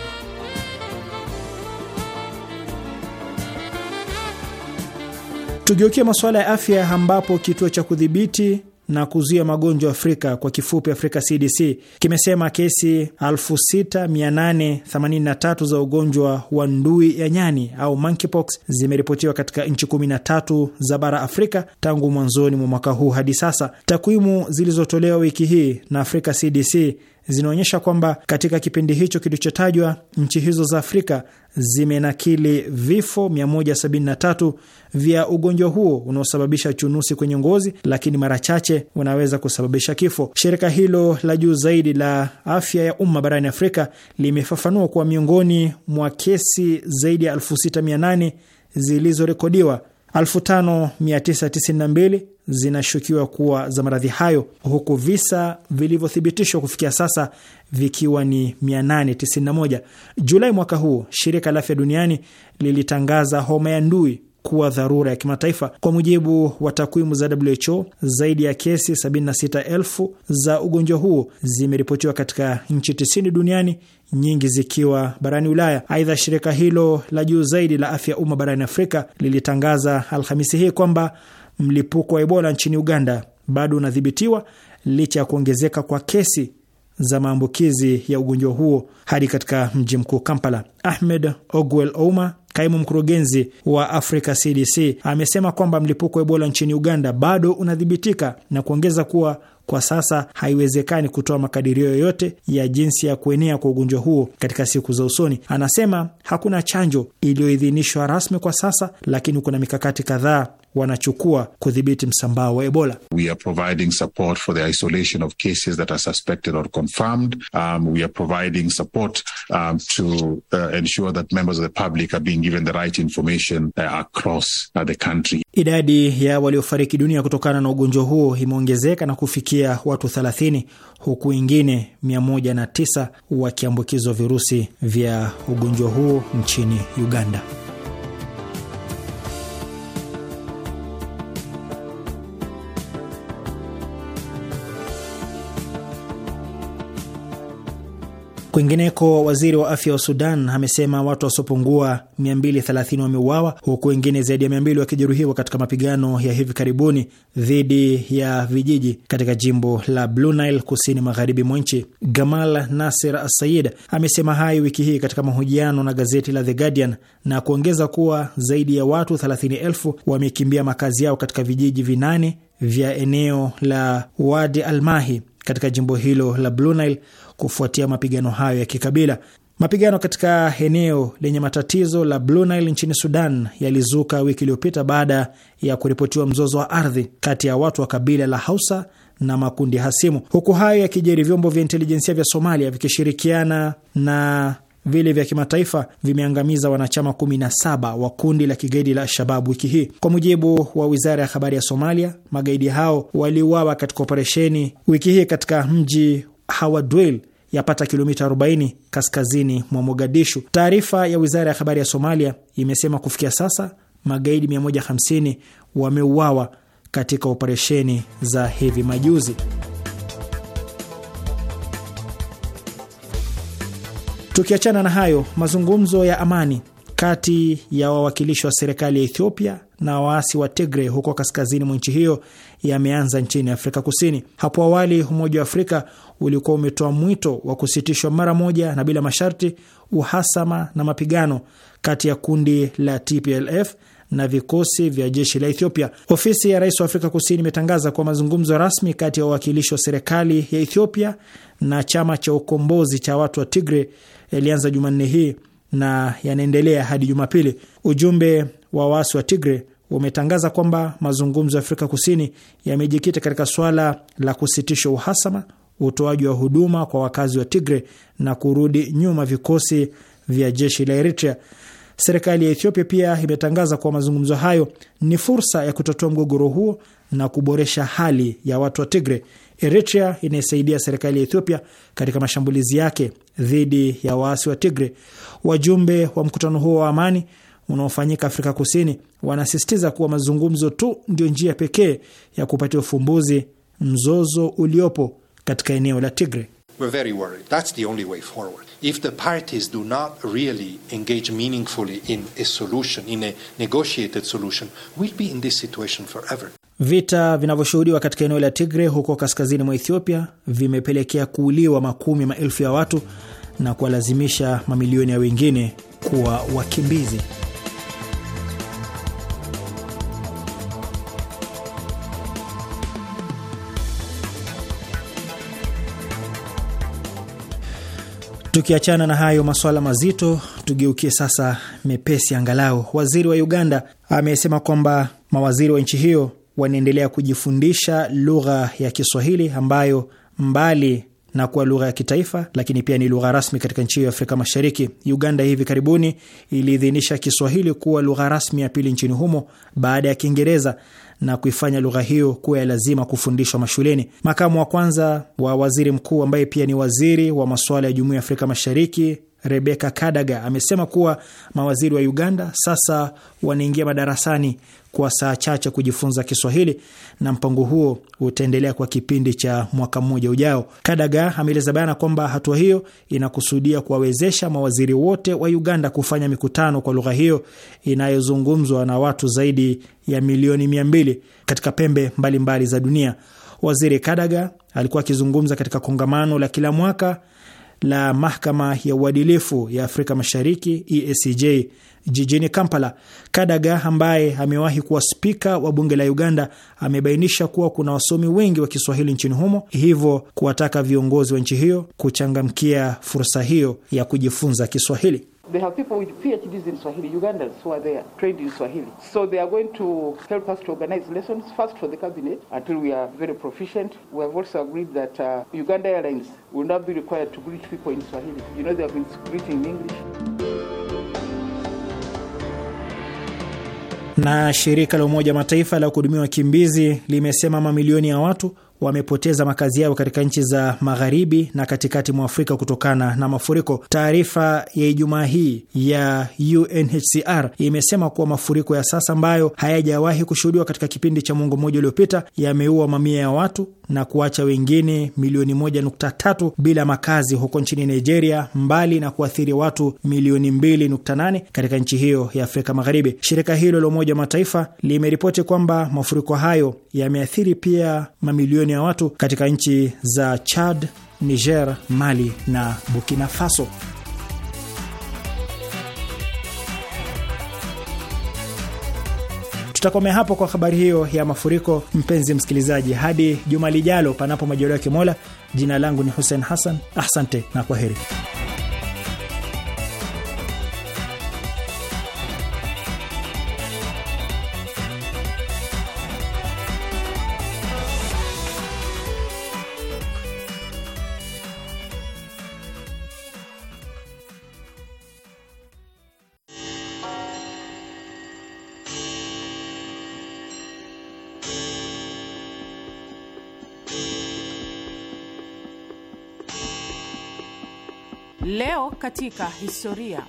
Tugeukie masuala ya afya ambapo kituo cha kudhibiti na kuzuia magonjwa Afrika, kwa kifupi Afrika CDC, kimesema kesi 6883 za ugonjwa wa ndui ya nyani au monkeypox zimeripotiwa katika nchi 13 za bara Afrika tangu mwanzoni mwa mwaka huu hadi sasa. Takwimu zilizotolewa wiki hii na Afrika CDC zinaonyesha kwamba katika kipindi hicho kilichotajwa nchi hizo za Afrika zimenakili vifo 173 vya ugonjwa huo unaosababisha chunusi kwenye ngozi, lakini mara chache unaweza kusababisha kifo. Shirika hilo la juu zaidi la afya ya umma barani Afrika limefafanua kuwa miongoni mwa kesi zaidi ya 6800 zilizorekodiwa 5992 zinashukiwa kuwa za maradhi hayo huku visa vilivyothibitishwa kufikia sasa vikiwa ni 891. Julai mwaka huu shirika la afya duniani lilitangaza homa ya ndui kuwa dharura ya kimataifa. Kwa mujibu wa takwimu za WHO, zaidi ya kesi 76,000 za ugonjwa huo zimeripotiwa katika nchi 90 duniani, nyingi zikiwa barani Ulaya. Aidha, shirika hilo la juu zaidi la afya ya umma barani Afrika lilitangaza Alhamisi hii kwamba mlipuko wa Ebola nchini Uganda bado unadhibitiwa licha ya kuongezeka kwa kesi za maambukizi ya ugonjwa huo hadi katika mji mkuu Kampala. Ahmed Ogwel Ouma Kaimu mkurugenzi wa Africa CDC amesema kwamba mlipuko wa Ebola nchini Uganda bado unadhibitika na kuongeza kuwa kwa sasa haiwezekani kutoa makadirio yoyote ya jinsi ya kuenea kwa ugonjwa huo katika siku za usoni. Anasema hakuna chanjo iliyoidhinishwa rasmi kwa sasa, lakini kuna mikakati kadhaa wanachukua kudhibiti msambao wa Ebola. We are providing support for the isolation of cases that are suspected or confirmed. Um, we are providing support um, to uh, ensure that members of the public are being given the right information uh, across uh, the country. Idadi ya waliofariki dunia kutokana na ugonjwa huo imeongezeka na kufikia watu 30 huku wengine 109 wakiambukizwa virusi vya ugonjwa huo nchini Uganda. Kwingineko, waziri wa afya wa Sudan amesema watu wasiopungua 230 wameuawa huku wengine zaidi ya 200 wakijeruhiwa katika mapigano ya hivi karibuni dhidi ya vijiji katika jimbo la Blue Nile kusini magharibi mwa nchi. Gamal Nasir Asayid amesema hayo wiki hii katika mahojiano na gazeti la The Guardian na kuongeza kuwa zaidi ya watu 30,000 wamekimbia makazi yao katika vijiji vinane vya eneo la Wadi Almahi katika jimbo hilo la Blue Nile kufuatia mapigano hayo ya kikabila. Mapigano katika eneo lenye matatizo la Blue Nile nchini Sudan yalizuka wiki iliyopita baada ya kuripotiwa mzozo wa ardhi kati ya watu wa kabila la Hausa na makundi hasimu. Huku hayo yakijeri, vyombo vya intelijensia vya Somalia vikishirikiana na vile vya kimataifa vimeangamiza wanachama 17 wa kundi la kigaidi la Al-Shabab wiki hii, kwa mujibu wa wizara ya habari ya Somalia. Magaidi hao waliuawa katika operesheni wiki hii katika mji Hawadwel yapata kilomita 40 kaskazini mwa Mogadishu. Taarifa ya wizara ya habari ya Somalia imesema kufikia sasa magaidi 150 wameuawa katika operesheni za hivi majuzi. Tukiachana na hayo, mazungumzo ya amani kati ya wawakilishi wa serikali ya Ethiopia na waasi wa Tigray huko kaskazini mwa nchi hiyo yameanza nchini Afrika Kusini. Hapo awali, Umoja wa Afrika ulikuwa umetoa mwito wa kusitishwa mara moja na bila masharti uhasama na mapigano kati ya kundi la TPLF na vikosi vya jeshi la Ethiopia. Ofisi ya rais wa Afrika Kusini imetangaza kuwa mazungumzo rasmi kati ya wawakilishi wa serikali ya Ethiopia na chama cha ukombozi cha watu wa Tigre yalianza Jumanne hii na yanaendelea hadi Jumapili. Ujumbe wa waasi wa Tigre umetangaza kwamba mazungumzo ya Afrika Kusini yamejikita katika swala la kusitisha uhasama, utoaji wa huduma kwa wakazi wa Tigre na kurudi nyuma vikosi vya jeshi la Eritrea. Serikali ya Ethiopia pia imetangaza kuwa mazungumzo hayo ni fursa ya kutatua mgogoro huo na kuboresha hali ya watu wa Tigre. Eritrea inaisaidia serikali ya Ethiopia katika mashambulizi yake dhidi ya waasi wa Tigre. Wajumbe wa mkutano huo wa amani unaofanyika Afrika Kusini wanasisitiza kuwa mazungumzo tu ndio njia pekee ya kupatia ufumbuzi mzozo uliopo katika eneo la tigre We're very worried. That's the only way forward. If the parties do not really engage meaningfully in a solution, in a negotiated solution, we'll be in this situation forever. Vita vinavyoshuhudiwa katika eneo la Tigre huko kaskazini mwa Ethiopia vimepelekea kuuliwa makumi maelfu ya watu na kuwalazimisha mamilioni ya wengine kuwa wakimbizi. Tukiachana na hayo masuala mazito, tugeukie sasa mepesi angalau. Waziri wa Uganda amesema kwamba mawaziri wa nchi hiyo wanaendelea kujifundisha lugha ya Kiswahili ambayo mbali na kuwa lugha ya kitaifa lakini pia ni lugha rasmi katika nchi hiyo ya Afrika Mashariki. Uganda hivi karibuni iliidhinisha Kiswahili kuwa lugha rasmi ya pili nchini humo baada ya Kiingereza, na kuifanya lugha hiyo kuwa ya lazima kufundishwa mashuleni. Makamu wa kwanza wa waziri mkuu ambaye pia ni waziri wa masuala ya jumuiya ya Afrika Mashariki rebeka Kadaga amesema kuwa mawaziri wa Uganda sasa wanaingia madarasani kwa saa chache kujifunza Kiswahili, na mpango huo utaendelea kwa kipindi cha mwaka mmoja ujao. Kadaga ameeleza bayana kwamba hatua hiyo inakusudia kuwawezesha mawaziri wote wa Uganda kufanya mikutano kwa lugha hiyo inayozungumzwa na watu zaidi ya milioni mia mbili katika pembe mbalimbali mbali za dunia. Waziri Kadaga alikuwa akizungumza katika kongamano la kila mwaka la mahakama ya uadilifu ya Afrika Mashariki EACJ jijini Kampala. Kadaga ambaye amewahi kuwa spika wa bunge la Uganda amebainisha kuwa kuna wasomi wengi wa Kiswahili nchini humo, hivyo kuwataka viongozi wa nchi hiyo kuchangamkia fursa hiyo ya kujifunza Kiswahili. They have people with PhDs in Swahili, Ugandans who are there, trained in Swahili. So they are going to help us to organize lessons first for the cabinet until we are very proficient. We have also agreed that uh, Uganda Airlines will not be required to greet people in Swahili. You know, they have been greeting in English. Na shirika la Umoja Mataifa la kuhudumia wakimbizi limesema mamilioni ya watu wamepoteza makazi yao katika nchi za magharibi na katikati mwa Afrika kutokana na mafuriko. Taarifa ya Ijumaa hii ya UNHCR imesema kuwa mafuriko ya sasa ambayo hayajawahi kushuhudiwa katika kipindi cha mwongo mmoja uliopita yameua mamia ya watu na kuacha wengine milioni 1.3 bila makazi huko nchini Nigeria, mbali na kuathiri watu milioni 2.8 katika nchi hiyo ya Afrika Magharibi. Shirika hilo la Umoja wa Mataifa limeripoti kwamba mafuriko hayo yameathiri pia mamilioni mamilioni ya watu katika nchi za Chad, Niger, Mali na Burkina Faso. Tutakomea hapo kwa habari hiyo ya mafuriko, mpenzi msikilizaji, hadi juma lijalo, panapo majaliwa ya Kimola. Jina langu ni Hussein Hassan, asante na kwa heri Leo katika historia.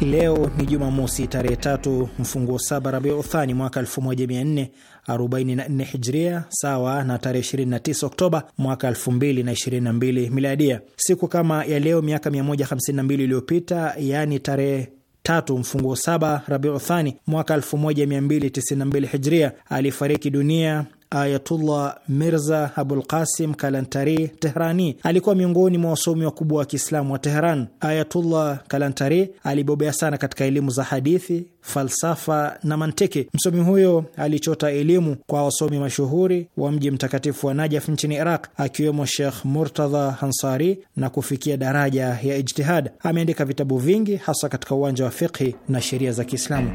Leo ni Jumamosi tarehe tatu mfunguo saba Rabiu Uthani mwaka 1444 Hijria, sawa na tarehe 29 Oktoba mwaka 2022 Miladia. Siku kama ya leo miaka 152 iliyopita, yaani tarehe tatu mfunguo saba Rabiu Uthani mwaka 1292 Hijria, alifariki dunia Ayatullah Mirza Abul Qasim Kalantari Tehrani alikuwa miongoni mwa wasomi wakubwa wa Kiislamu wa Teheran. Ayatullah Kalantari alibobea sana katika elimu za hadithi, falsafa na mantiki. Msomi huyo alichota elimu kwa wasomi mashuhuri wa mji mtakatifu wa Najaf nchini Iraq, akiwemo Shekh Murtadha Hansari na kufikia daraja ya ijtihad. Ameandika vitabu vingi hasa katika uwanja wa fiqhi na sheria za Kiislamu.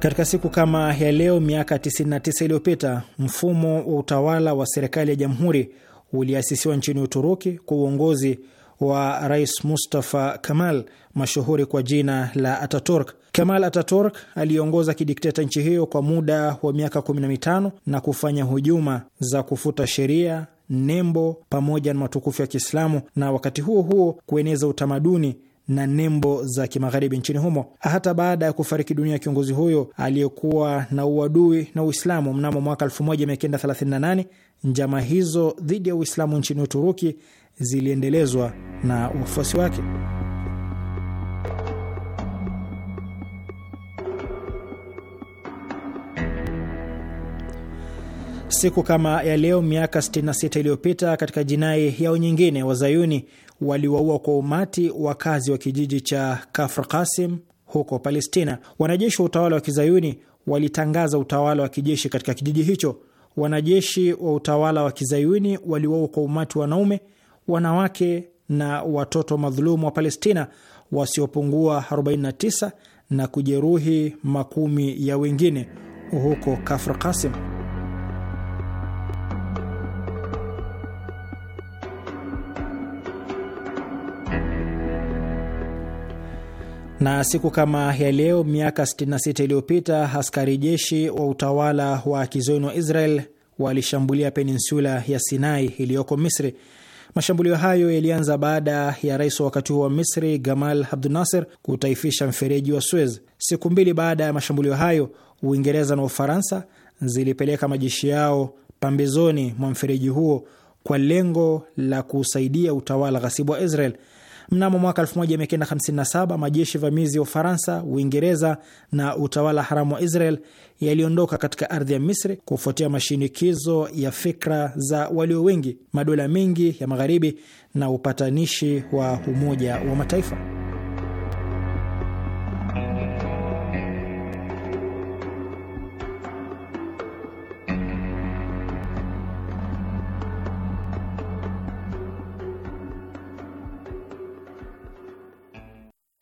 Katika siku kama ya leo miaka 99 iliyopita mfumo wa utawala wa serikali ya jamhuri uliasisiwa nchini Uturuki kwa uongozi wa Rais Mustafa Kamal mashuhuri kwa jina la Ataturk. Kamal Ataturk aliongoza kidikteta nchi hiyo kwa muda wa miaka 15 na kufanya hujuma za kufuta sheria, nembo pamoja na matukufu ya Kiislamu na wakati huo huo kueneza utamaduni na nembo za kimagharibi nchini humo. Hata baada ya kufariki dunia ya kiongozi huyo aliyekuwa na uadui na Uislamu mnamo mwaka 1938 njama hizo dhidi ya Uislamu nchini Uturuki ziliendelezwa na wafuasi wake. Siku kama ya leo miaka 66 iliyopita, katika jinai yao nyingine, wazayuni waliwaua kwa umati wakazi wa kijiji cha Kafr Qasim huko Palestina. Wanajeshi wa utawala wa kizayuni walitangaza utawala wa kijeshi katika kijiji hicho. Wanajeshi wa utawala wa kizayuni waliwaua kwa umati wanaume, wanawake na watoto madhulumu wa Palestina wasiopungua 49 na kujeruhi makumi ya wengine huko Kafr Qasim. Na siku kama ya leo miaka 66 iliyopita askari jeshi wa utawala wa kizoeni wa Israel walishambulia peninsula ya Sinai iliyoko Misri. Mashambulio hayo yalianza baada ya rais wa wakati huo wa Misri Gamal Abdu Nasser kutaifisha mfereji wa Suez. Siku mbili baada ya mashambulio hayo, Uingereza na Ufaransa zilipeleka majeshi yao pambezoni mwa mfereji huo kwa lengo la kusaidia utawala ghasibu wa Israel. Mnamo mwaka 1957 majeshi vamizi ya Ufaransa, Uingereza na utawala haramu wa Israel yaliondoka katika ardhi ya Misri kufuatia mashinikizo ya fikra za walio wengi, madola mengi ya Magharibi na upatanishi wa Umoja wa Mataifa.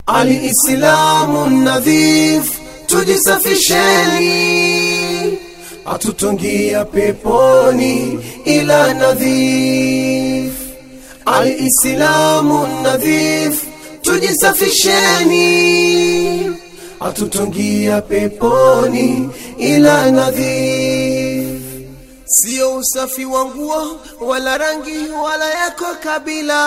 alislamu nadhif, tujisafisheni, atutungia peponi ila nadhif. alislamu nadhif, tujisafisheni, atutungia peponi ila nadhif. Sio usafi wa nguo wala rangi wala yako kabila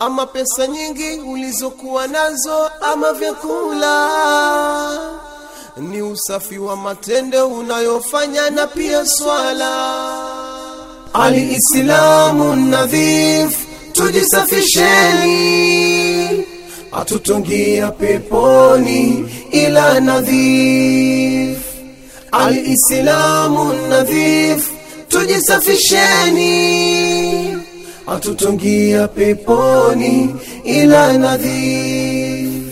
ama pesa nyingi ulizokuwa nazo ama vyakula ni usafi wa matendo unayofanya na pia swala aliislamu nadhif tujisafisheni atutungia peponi ila nadhif aliislamu nadhif tujisafisheni atutungia peponi ila nadhif.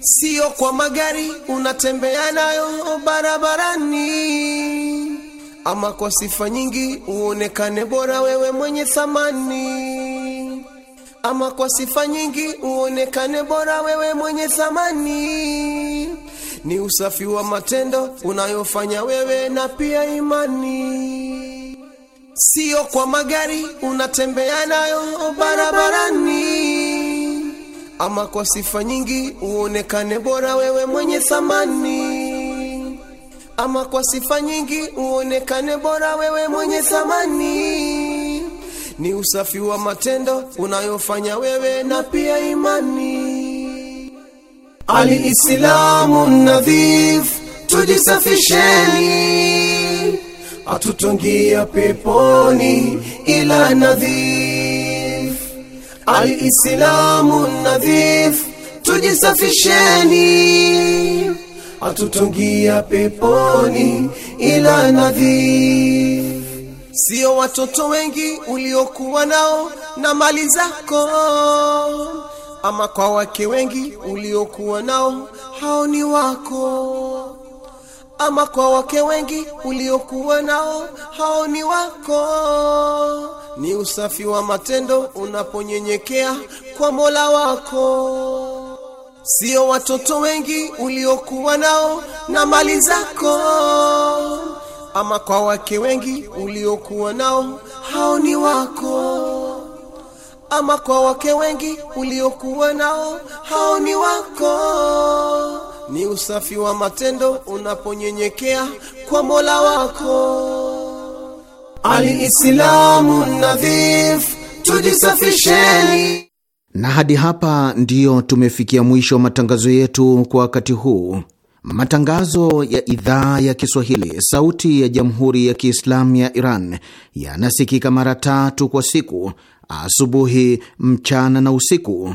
Sio kwa magari unatembea nayo barabarani, ama kwa sifa nyingi uonekane bora wewe mwenye thamani, ama kwa sifa nyingi uonekane bora wewe mwenye thamani. Ni usafi wa matendo unayofanya wewe na pia imani sio kwa magari unatembea nayo barabarani, ama kwa sifa nyingi uonekane bora wewe mwenye thamani, ama kwa sifa nyingi uonekane bora wewe mwenye thamani. Ni usafi wa matendo unayofanya wewe na pia imani. Aliislamu nadhif, tujisafisheni atutungia peponi ila nadhif alislamu nadhif tujisafisheni atutungia peponi ila nadhif Sio watoto wengi uliokuwa nao na mali zako, ama kwa wake wengi uliokuwa nao, hao ni wako ama kwa wake wengi uliokuwa nao, hao ni wako. Ni usafi wa matendo unaponyenyekea kwa Mola wako, sio watoto wengi uliokuwa nao na mali zako, ama kwa wake wengi uliokuwa nao, hao ni wako ama kwa wake wengi uliokuwa nao, hao ni wako ni usafi wa matendo unaponyenyekea kwa Mola wako. alislamu nadhif, tujisafisheni. Na hadi hapa ndiyo tumefikia mwisho wa matangazo yetu kwa wakati huu. Matangazo ya idhaa ya Kiswahili sauti ya Jamhuri ya Kiislamu ya Iran yanasikika mara tatu kwa siku: asubuhi, mchana na usiku.